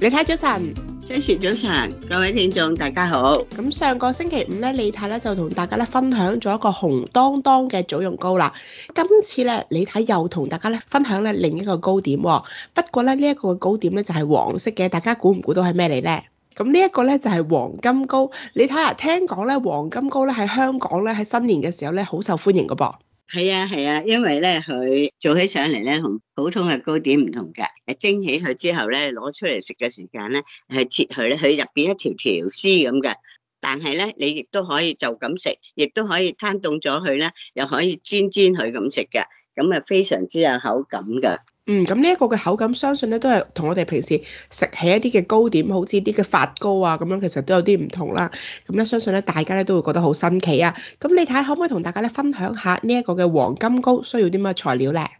你睇早晨，張雪早晨，各位聽眾大家好。咁上個星期五咧，李太咧就同大家咧分享咗一個紅噹噹嘅早用糕啦。今次咧，李太又同大家咧分享咧另一個糕點，不過咧呢一個嘅糕點咧就係黃色嘅，大家估唔估到係咩嚟咧？咁呢一個咧就係黃金糕。你睇啊，聽講咧黃金糕咧喺香港咧喺新年嘅時候咧好受歡迎㗎噃。係啊係啊，因為咧佢做起上嚟咧同普通嘅糕點唔同噶，誒蒸起佢之後咧攞出嚟食嘅時間咧係切佢咧，佢入邊一條條絲咁噶，但係咧你亦都可以就咁食，亦都可以攤凍咗佢咧，又可以煎煎佢咁食噶，咁啊非常之有口感噶。嗯，咁呢一個嘅口感，相信咧都係同我哋平時食起一啲嘅糕點，好似啲嘅發糕啊咁樣，其實都有啲唔同啦。咁、嗯、咧，相信咧大家咧都會覺得好新奇啊。咁你睇可唔可以同大家咧分享下呢一個嘅黃金糕需要啲乜材料咧？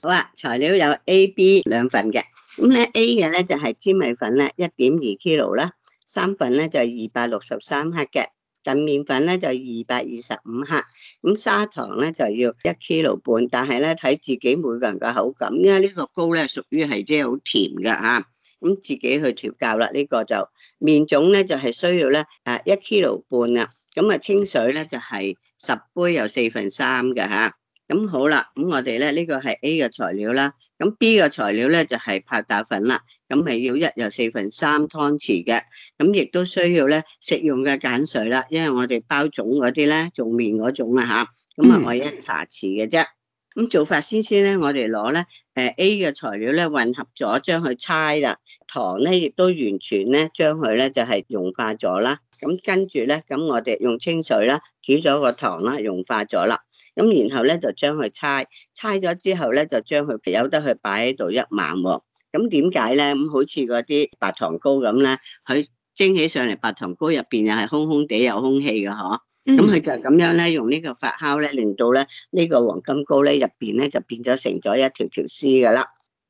好啊，材料有 A、B 兩份嘅。咁咧 A 嘅咧就係粘米粉咧一點二 kilo 啦，kg，三份咧就係二百六十三克嘅。浸麵粉咧就二百二十五克，咁砂糖咧就要一 kilo 半，但係咧睇自己每個人嘅口感，因為呢個糕咧屬於係即係好甜噶吓，咁自己去調教啦。呢個就麵種咧就係、是、需要咧誒一 kilo 半啊，咁啊清水咧就係、是、十杯有四分三嘅吓。咁好啦，咁我哋咧呢個係 A 嘅材料啦，咁 B 嘅材料咧就係泡打粉啦，咁係要一又四分三湯匙嘅，咁亦都需要咧食用嘅鹼水啦，因為我哋包粽嗰啲咧做麵嗰種啊吓，咁啊我一茶匙嘅啫。咁做法先先咧，我哋攞咧誒 A 嘅材料咧混合咗，將佢搓啦，糖咧亦都完全咧將佢咧就係溶化咗啦。咁跟住咧，咁我哋用清水啦煮咗個糖啦溶化咗啦。咁然後咧就將佢猜，猜咗之後咧就將佢由得佢擺喺度一晚喎、哦。咁點解咧？咁好似嗰啲白糖糕咁咧，佢蒸起上嚟白糖糕入邊又係空空地，有空氣嘅嗬。咁佢、嗯、就咁樣咧，用呢個發酵咧，令到咧呢個黃金糕咧入邊咧就變咗成咗一條條絲嘅啦。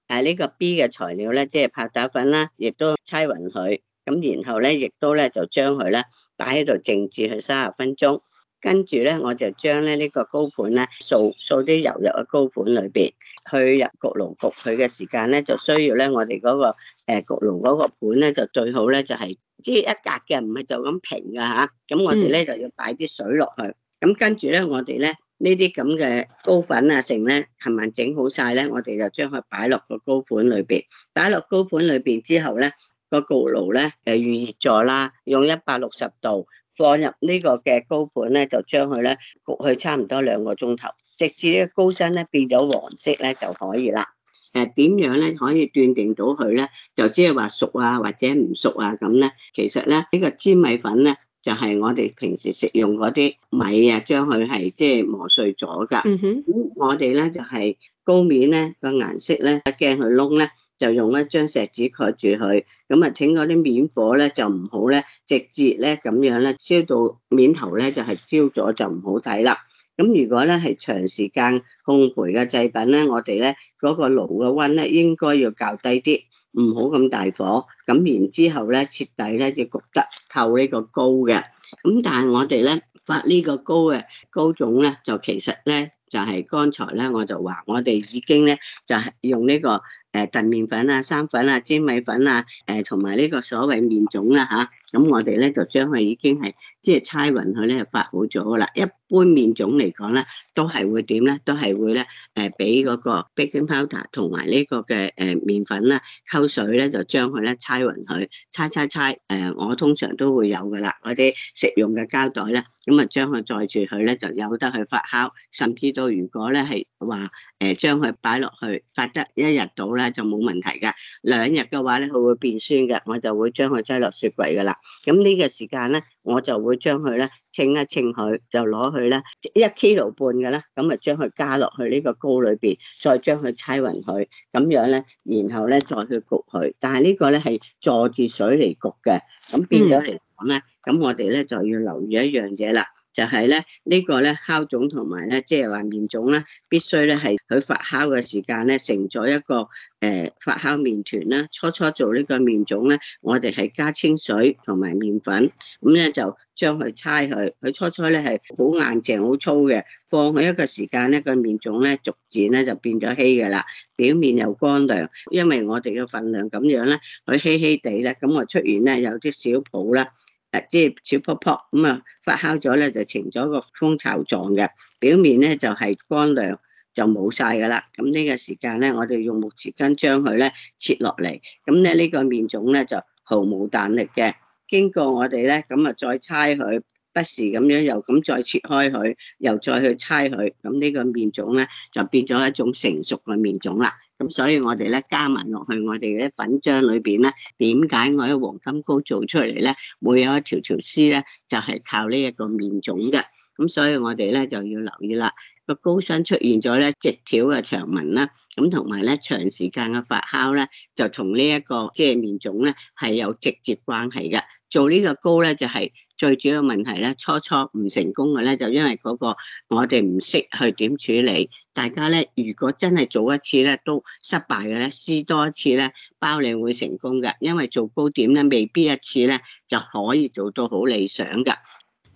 誒、這、呢個 B 嘅材料咧，即係泡打粉啦，亦都猜勻佢。咁然後咧，亦都咧就將佢咧擺喺度靜置佢三十分鐘。跟住咧，我就將咧呢個高盤咧，掃掃啲油入個高盤裏邊。去入焗爐焗佢嘅時間咧，就需要咧我哋嗰個焗爐嗰個盤咧，就最好咧就係即係一格嘅，唔係就咁平㗎吓。咁我哋咧就要擺啲水落去。咁、嗯、跟住咧，我哋咧呢啲咁嘅高粉啊剩咧，尋晚整好晒咧，我哋就將佢擺落個高盤裏邊。擺落高盤裏邊之後咧，個焗爐咧誒預熱咗啦，用一百六十度。放入個呢個嘅高盤咧，就將佢咧焗去差唔多兩個鐘頭，直至呢個高身咧變咗黃色咧就可以啦。誒、呃，點樣咧可以斷定到佢咧就只係話熟啊或者唔熟啊咁咧？其實咧呢、這個粘米粉咧。就係我哋平時食用嗰啲米啊，將佢係即係磨碎咗噶。咁、嗯、哼我哋咧就係、是、糕面咧、那個顏色咧，一驚佢燶咧，就用一張錫紙蓋住佢。咁啊，整嗰啲面火咧就唔好咧，直接咧咁樣咧燒到面頭咧就係燒咗就唔好睇啦。咁如果咧係長時間烘焙嘅製品咧，我哋咧嗰個爐嘅溫咧應該要較低啲，唔好咁大火。咁然之後咧，徹底咧就焗得透呢個糕嘅。咁但係我哋咧發呢個糕嘅糕種咧，就其實咧就係、是、剛才咧我就話，我哋已經咧就係用呢、這個。誒澄麵粉啊、生粉啊、粘米粉啊，誒同埋呢個所謂麵種啦、啊、嚇，咁、啊、我哋咧就將佢已經係即係搓勻佢咧發好咗啦。一般麵種嚟講咧，都係會點咧？都係會咧誒俾嗰個 baking powder 同埋呢個嘅誒麵粉啦，溝水咧就將佢咧搓勻佢，搓搓搓。誒、呃。我通常都會有噶啦，嗰啲食用嘅膠袋咧，咁啊將佢載住佢咧就有得去發酵，甚至到如果咧係。話誒，將佢擺落去，發得一日到咧就冇問題噶。兩日嘅話咧，佢會變酸嘅，我就會將佢擠落雪櫃噶啦。咁呢個時間咧，我就會將佢咧稱一稱佢，就攞去咧一 kilo 半嘅啦。咁啊，將佢加落去呢個膏裏邊，再將佢猜勻佢，咁樣咧，然後咧再去焗佢。但係呢個咧係坐住水嚟焗嘅，咁變咗嚟講咧，咁我哋咧就要留意一樣嘢啦。就係咧，呢個咧酵種同埋咧，即係話麵種咧，必須咧係佢發酵嘅時間咧，成咗一個誒發酵麵團啦。初初做呢個麵種咧，我哋係加清水同埋麵粉，咁咧就將佢搓佢，佢初初咧係好硬淨、好粗嘅，放佢一個時間咧，個麵種咧逐漸咧就變咗稀嘅啦，表面又乾涼，因為我哋嘅份量咁樣咧，佢稀稀地咧，咁啊出現咧有啲小泡啦。誒，即係小泡泡咁啊，發酵咗咧就成咗個蜂巢狀嘅，表面咧就係乾涼，就冇晒噶啦。咁呢個時間咧，我哋用木匙羹將佢咧切落嚟，咁咧呢個麵種咧就毫無彈力嘅。經過我哋咧咁啊再搓佢，不時咁樣又咁再切開佢，又再去搓佢，咁呢個麵種咧就變咗一種成熟嘅麵種啦。咁所以我哋呢，我哋咧加埋落去我哋啲粉漿裏邊咧，點解我啲黃金糕做出嚟呢？會有一條條絲呢，就係、是、靠呢一個麵種嘅。咁所以我哋咧就要留意啦，個高身出現咗咧直條嘅長紋啦，咁同埋咧長時間嘅發酵咧，就同呢一個即係麵種咧係有直接關係嘅。做呢個高咧就係最主要問題咧，初初唔成功嘅咧就因為嗰個我哋唔識去點處理。大家咧如果真係做一次咧都失敗嘅咧，試多一次咧包你會成功嘅，因為做高點咧未必一次咧就可以做到好理想嘅。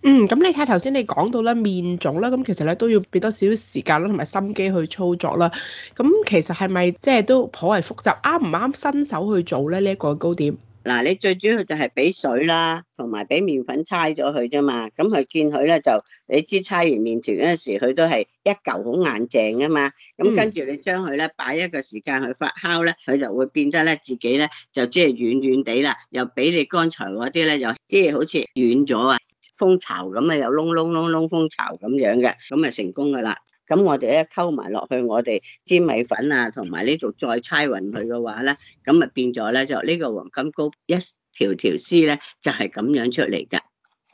嗯，咁你睇頭先你講到啦，麵種啦，咁其實咧都要俾多少少時間啦同埋心機去操作啦。咁其實係咪即係都頗為複雜，啱唔啱新手去做咧？呢、這、一個糕點？嗱、嗯，你最主要就係俾水啦，同埋俾麵粉搓咗佢啫嘛。咁佢見佢咧就，你知搓完麵團嗰陣時，佢都係一嚿好硬淨噶嘛。咁跟住你將佢咧擺一個時間去發酵咧，佢就會變得咧自己咧就即係軟軟哋啦，又比你剛才嗰啲咧又即係好似軟咗啊。蜂巢咁啊，又窿窿窿窿蜂巢咁樣嘅，咁啊成功噶啦。咁我哋咧溝埋落去，我哋粘米粉啊，同埋呢度再搓勻佢嘅話咧，咁啊變咗咧就呢個黃金糕一條條絲咧就係咁樣出嚟噶。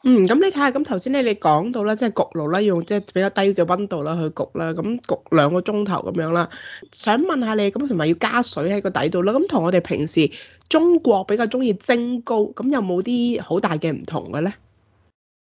嗯，咁你睇下咁頭先咧你講到啦，即係焗爐啦，用即係比較低嘅溫度啦去焗啦，咁焗兩個鐘頭咁樣啦。想問下你，咁同埋要加水喺個底度啦，咁同我哋平時中國比較中意蒸糕，咁有冇啲好大嘅唔同嘅咧？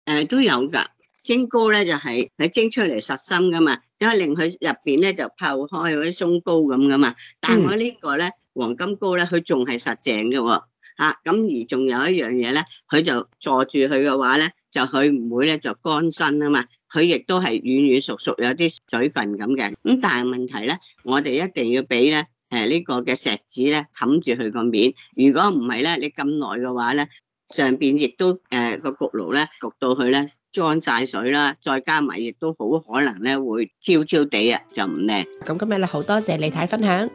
誒，都有噶。蒸糕咧，就係、是、佢蒸出嚟實心噶嘛，因為令佢入邊咧就泡開嗰啲鬆糕咁噶嘛。但係我個呢個咧黃金糕咧，佢仲係實淨噶喎，吓、啊、咁而仲有一樣嘢咧，佢就坐住佢嘅話咧，就佢唔會咧就乾身啊嘛，佢亦都係軟軟熟熟，有啲水分咁嘅。咁但係問題咧，我哋一定要俾咧誒呢、這個嘅石子咧冚住佢個面，如果唔係咧，你咁耐嘅話咧。上邊亦都誒、呃、個焗爐咧，焗到佢咧裝晒水啦，再加埋亦都好可能咧會超超地啊，就唔靚。咁今日啦，好多謝李太分享。